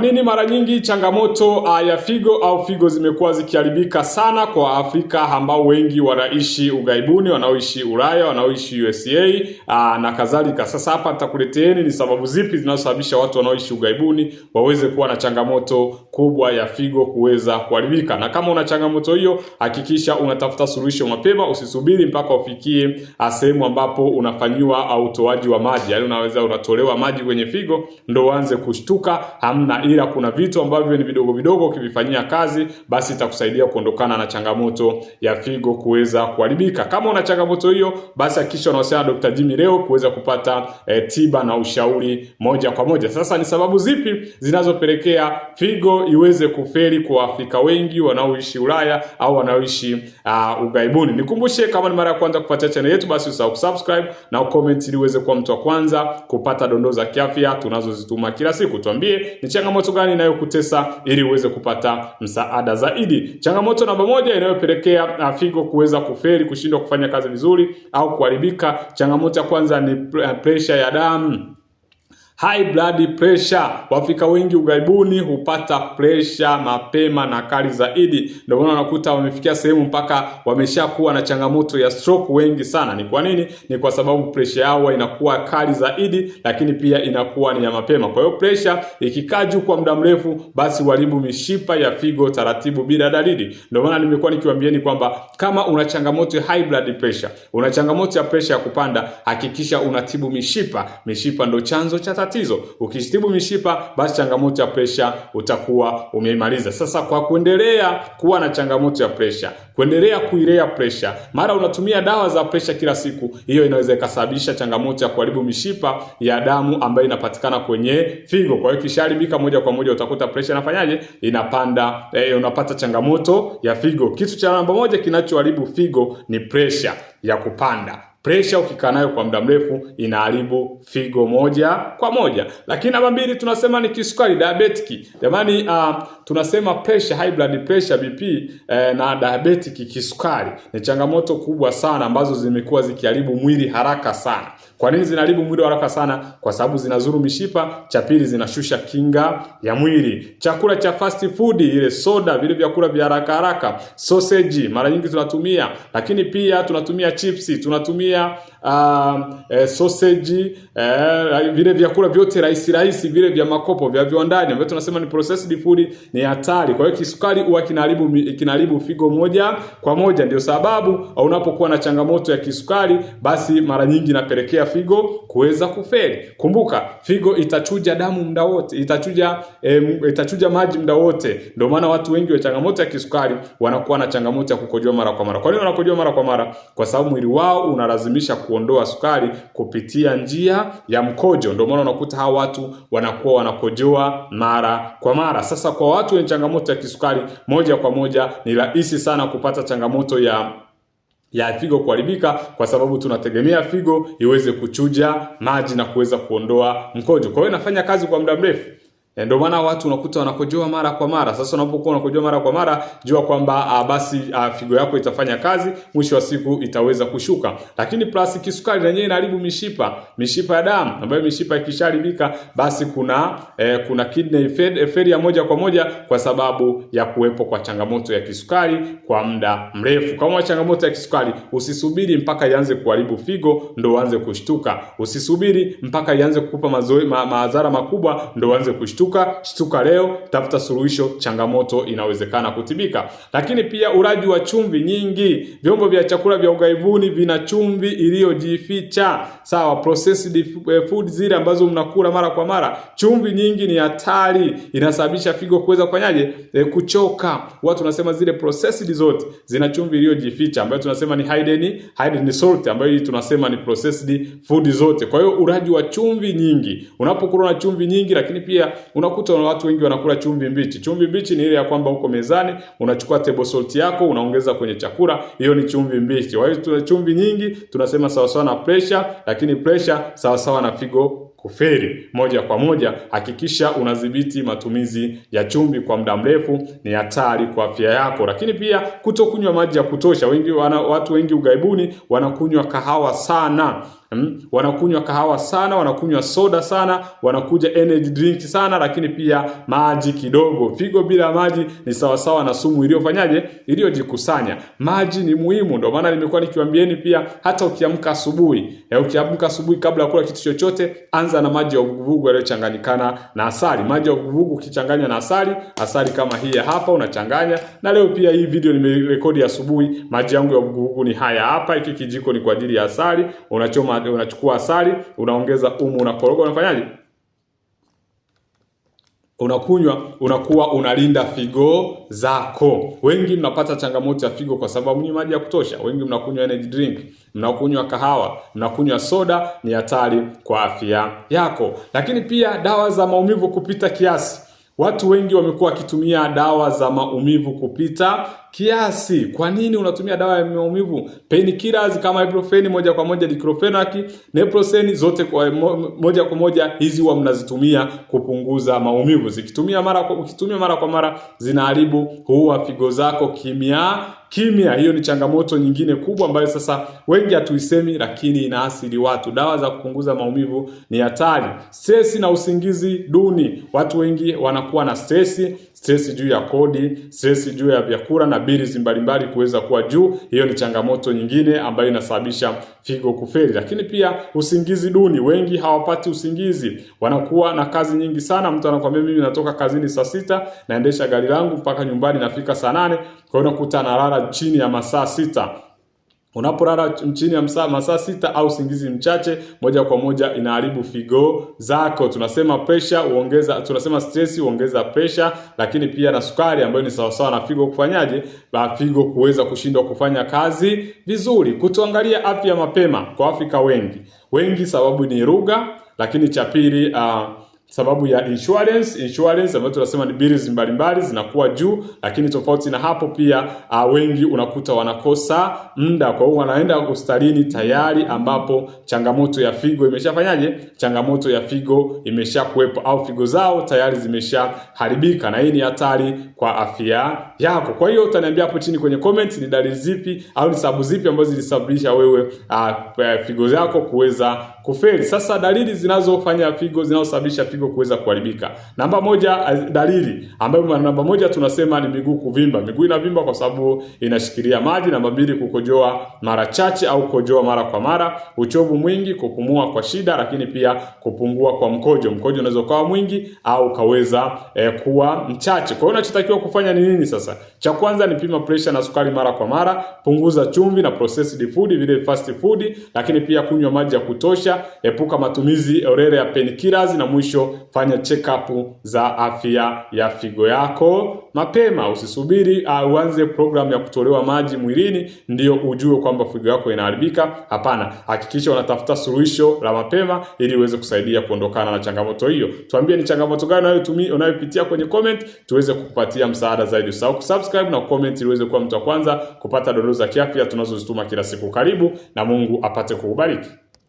Nini mara nyingi changamoto uh, ya figo au figo zimekuwa zikiharibika sana kwa Afrika ambao wengi wanaishi ughaibuni, wanaoishi Ulaya, wanaoishi USA uh, ah, na kadhalika. Sasa hapa nitakuleteeni ni sababu zipi zinazosababisha watu wanaoishi ughaibuni waweze kuwa na changamoto kubwa ya figo kuweza kuharibika. Na kama una changamoto hiyo, hakikisha unatafuta suluhisho mapema, usisubiri mpaka ufikie ah, sehemu ambapo unafanyiwa utoaji wa maji, yaani unaweza unatolewa maji kwenye figo ndio uanze kushtuka hamna ila kuna vitu ambavyo ni vidogo vidogo, ukivifanyia kazi, basi itakusaidia kuondokana na changamoto ya figo kuweza kuharibika. Kama una changamoto hiyo, basi hakikisha unawasiliana na Dr. Jimmy leo kuweza kupata e, tiba na ushauri moja kwa moja. Sasa ni sababu zipi zinazopelekea figo iweze kufeli kwa Waafrika wengi wanaoishi Ulaya au wanaoishi uh, ah, ugaibuni? Nikumbushe, kama ni mara ya kwanza kufuatia channel yetu, basi usahau kusubscribe na ucomment ili uweze kuwa mtu wa kwanza kupata dondoo za kiafya tunazozituma kila siku. Tuambie ni changamoto changamoto gani inayokutesa ili uweze kupata msaada zaidi. Changamoto namba moja inayopelekea ah, figo kuweza kufeli, kushindwa kufanya kazi vizuri au kuharibika, changamoto ya kwanza ni ah, pressure ya damu. High blood pressure. Waafrika wengi ughaibuni hupata pressure mapema na kali zaidi, ndio maana unakuta wamefikia sehemu mpaka wameshakuwa na changamoto ya stroke wengi sana. Ni kwa nini? Ni kwa sababu pressure yao inakuwa kali zaidi, lakini pia inakuwa ni ya mapema. Kwa hiyo pressure ikikaa juu kwa muda mrefu, basi walibu mishipa ya figo taratibu bila dalili. Ndio maana nimekuwa nikiwaambieni kwamba kama una changamoto ya high blood pressure, una changamoto ya pressure ya kupanda, hakikisha unatibu mishipa. Mishipa ndio chanzo cha matatizo. Ukijitibu mishipa, basi changamoto ya presha utakuwa umeimaliza. Sasa kwa kuendelea kuwa na changamoto ya presha, kuendelea kuilea presha, mara unatumia dawa za presha kila siku, hiyo inaweza ikasababisha changamoto ya kuharibu mishipa ya damu ambayo inapatikana kwenye figo. Kwa hiyo kisharibika moja kwa moja utakuta presha inafanyaje, inapanda eh, unapata changamoto ya figo. Kitu cha namba moja kinachoharibu figo ni presha ya kupanda. Presha ukikaa nayo kwa muda mrefu inaharibu figo moja kwa moja. Lakini namba mbili tunasema ni kisukari diabetic. Jamani, uh, tunasema pressure, high blood pressure, BP eh, na diabetic kisukari ni changamoto kubwa sana ambazo zimekuwa zikiharibu mwili haraka sana. Kwa nini zinaharibu mwili haraka sana? Kwa sababu zinazuru mishipa, cha pili zinashusha kinga ya mwili. Chakula cha fast food, ile soda, vile vyakula vya haraka haraka, sausage mara nyingi tunatumia, lakini pia tunatumia chipsi, tunatumia sinia uh, um, eh, sausage eh, vile vyakula vyote rahisi rahisi vile vya makopo vya viwandani ambavyo tunasema ni processed food ni hatari. Kwa hiyo kisukari huwa kinaharibu kinaharibu figo moja kwa moja, ndio sababu unapokuwa na changamoto ya kisukari, basi mara nyingi inapelekea figo kuweza kufeli. Kumbuka figo itachuja damu muda wote, itachuja eh, itachuja maji muda wote. Ndio maana watu wengi wa changamoto ya kisukari wanakuwa na changamoto ya kukojoa mara kwa mara. Kwa nini wanakojoa mara kwa mara? Kwa sababu mwili wao una kuwalazimisha kuondoa sukari kupitia njia ya mkojo. Ndio maana unakuta hawa watu wanakuwa wanakojoa mara kwa mara. Sasa kwa watu wenye changamoto ya kisukari, moja kwa moja ni rahisi sana kupata changamoto ya ya figo kuharibika kwa sababu tunategemea figo iweze kuchuja maji na kuweza kuondoa mkojo. Kwa hiyo inafanya kazi kwa muda mrefu. Eh, ndio maana watu unakuta wanakojoa mara kwa mara. Sasa unapokuwa unakojoa mara kwa mara, jua kwamba ah, basi a, ah, figo yako itafanya kazi, mwisho wa siku itaweza kushuka. Lakini plus kisukari yenyewe inaharibu mishipa, mishipa ya damu, ambayo mishipa ikisharibika, basi kuna e, kuna kidney eh, failure moja kwa moja, kwa sababu ya kuwepo kwa changamoto ya kisukari kwa muda mrefu. Kama una changamoto ya kisukari, usisubiri mpaka ianze kuharibu figo ndio uanze kushtuka. Usisubiri mpaka ianze kukupa mazoe ma, makubwa ndio uanze kushtuka ukishtuka, shtuka leo, tafuta suluhisho, changamoto inawezekana kutibika. Lakini pia ulaji wa chumvi nyingi, vyombo vya chakula vya ugaibuni vina chumvi iliyojificha, sawa. Processed food zile ambazo mnakula mara kwa mara, chumvi nyingi ni hatari, inasababisha figo kuweza kufanyaje, e, kuchoka. Watu tunasema zile processed zote zina chumvi iliyojificha ambayo tunasema ni hidden hidden salt, ambayo tunasema ni processed food zote. Kwa hiyo ulaji wa chumvi nyingi, unapokula na chumvi nyingi, lakini pia unakuta watu wengi wanakula chumvi mbichi. Chumvi mbichi ni ile ya kwamba uko mezani unachukua table salt yako unaongeza kwenye chakula, hiyo ni chumvi mbichi. Kwa hiyo tuna chumvi nyingi tunasema sawasawa na pressure, lakini pressure sawasawa na figo kufeli moja kwa moja. Hakikisha unadhibiti matumizi ya chumvi kwa muda mrefu, ni hatari kwa afya yako. Lakini pia kutokunywa maji ya kutosha. Wengi wana, watu wengi ugaibuni wanakunywa kahawa sana mm, wanakunywa kahawa sana, wanakunywa soda sana, wanakuja energy drink sana, lakini pia maji kidogo. Figo bila maji ni sawasawa na sumu iliyofanyaje, iliyojikusanya. Maji ni muhimu, ndio maana nimekuwa nikiwaambieni pia, hata ukiamka asubuhi eh, ukiamka asubuhi kabla ya kula kitu chochote, anza na maji ya uvuguvugu yaliyochanganyikana na asali. Maji ya uvuguvugu ukichanganya na asali, asali kama hii hapa unachanganya, na leo pia hii video nimerekodi asubuhi. Maji yangu ya uvuguvugu ni haya hapa, hiki kijiko ni kwa ajili ya asali, unachoma unachukua asali unaongeza umu unakoroga unafanyaje unakunywa unakuwa unalinda figo zako. Wengi mnapata changamoto ya figo kwa sababu ni maji ya kutosha. Wengi mnakunywa energy drink, mnakunywa kahawa, mnakunywa soda, ni hatari kwa afya yako. Lakini pia dawa za maumivu kupita kiasi Watu wengi wamekuwa wakitumia dawa za maumivu kupita kiasi. Kwa nini unatumia dawa ya maumivu? Painkillers kama ibuprofen moja kwa moja, diclofenac, naproxen zote kwa moja kwa moja, hizi huwa mnazitumia kupunguza maumivu. Zikitumia mara kwa, ukitumia mara kwa mara zinaharibu huwa figo zako kimya kimya. Hiyo ni changamoto nyingine kubwa ambayo sasa wengi hatuisemi, lakini inaathiri watu. Dawa za kupunguza maumivu ni hatari. Stresi na usingizi duni, watu wengi wanakuwa na stresi stresi juu ya kodi, stresi juu ya vyakula na bili mbalimbali kuweza kuwa juu. Hiyo ni changamoto nyingine ambayo inasababisha figo kufeli. Lakini pia usingizi duni, wengi hawapati usingizi, wanakuwa na kazi nyingi sana. Mtu anakuambia mimi natoka kazini saa sita, naendesha gari langu mpaka nyumbani nafika saa nane, kwa hiyo unakuta analala chini ya masaa sita. Unapolala chini ya msaa masaa sita au usingizi mchache, moja kwa moja inaharibu figo zako. Tunasema pressure huongeza, tunasema stress huongeza pressure, lakini pia na sukari ambayo ni sawasawa na figo kufanyaje, ba figo kuweza kushindwa kufanya kazi vizuri. Kutuangalia afya mapema kwa Afrika wengi wengi, sababu ni lugha, lakini cha pili uh, sababu ya insurance insurance ambayo tunasema ni bills mbalimbali zinakuwa juu, lakini tofauti na hapo pia uh, wengi unakuta wanakosa muda, kwa hiyo wanaenda hospitalini tayari ambapo changamoto ya figo imeshafanyaje, changamoto ya figo imesha kuwepo au figo zao tayari zimeshaharibika, na hii ni hatari kwa afya yako. Kwa hiyo utaniambia hapo chini kwenye comment ni dalili zipi au ni sababu zipi ambazo zilisababisha wewe uh, figo zako kuweza kufeli. Sasa dalili zinazofanya figo zinazosababisha figo figo kuweza kuharibika. Namba moja, eh, dalili ambayo namba moja tunasema ni miguu kuvimba. Miguu inavimba kwa sababu inashikilia maji. Namba mbili, kukojoa mara chache au kukojoa mara kwa mara, uchovu mwingi, kupumua kwa shida, lakini pia kupungua kwa mkojo. Mkojo unaweza ukawa mwingi au ukaweza eh, kuwa mchache. Kwa hiyo unachotakiwa kufanya ni nini sasa? Cha kwanza ni pima pressure na sukari mara kwa mara, punguza chumvi na processed food, vile fast food, lakini pia kunywa maji ya kutosha, epuka matumizi orere ya painkillers, na mwisho fanya check up za afya ya figo yako mapema. Usisubiri uh, uanze programu ya kutolewa maji mwilini ndio ujue kwamba figo yako inaharibika. Hapana, hakikisha unatafuta suluhisho la mapema ili uweze kusaidia kuondokana na changamoto hiyo. Tuambie ni changamoto gani unayotumia unayopitia kwenye comment, tuweze kukupatia msaada zaidi. Usahau kusubscribe na comment ili uweze kuwa mtu wa kwanza kupata dondoo za kiafya tunazozituma kila siku. Karibu na Mungu apate kukubariki.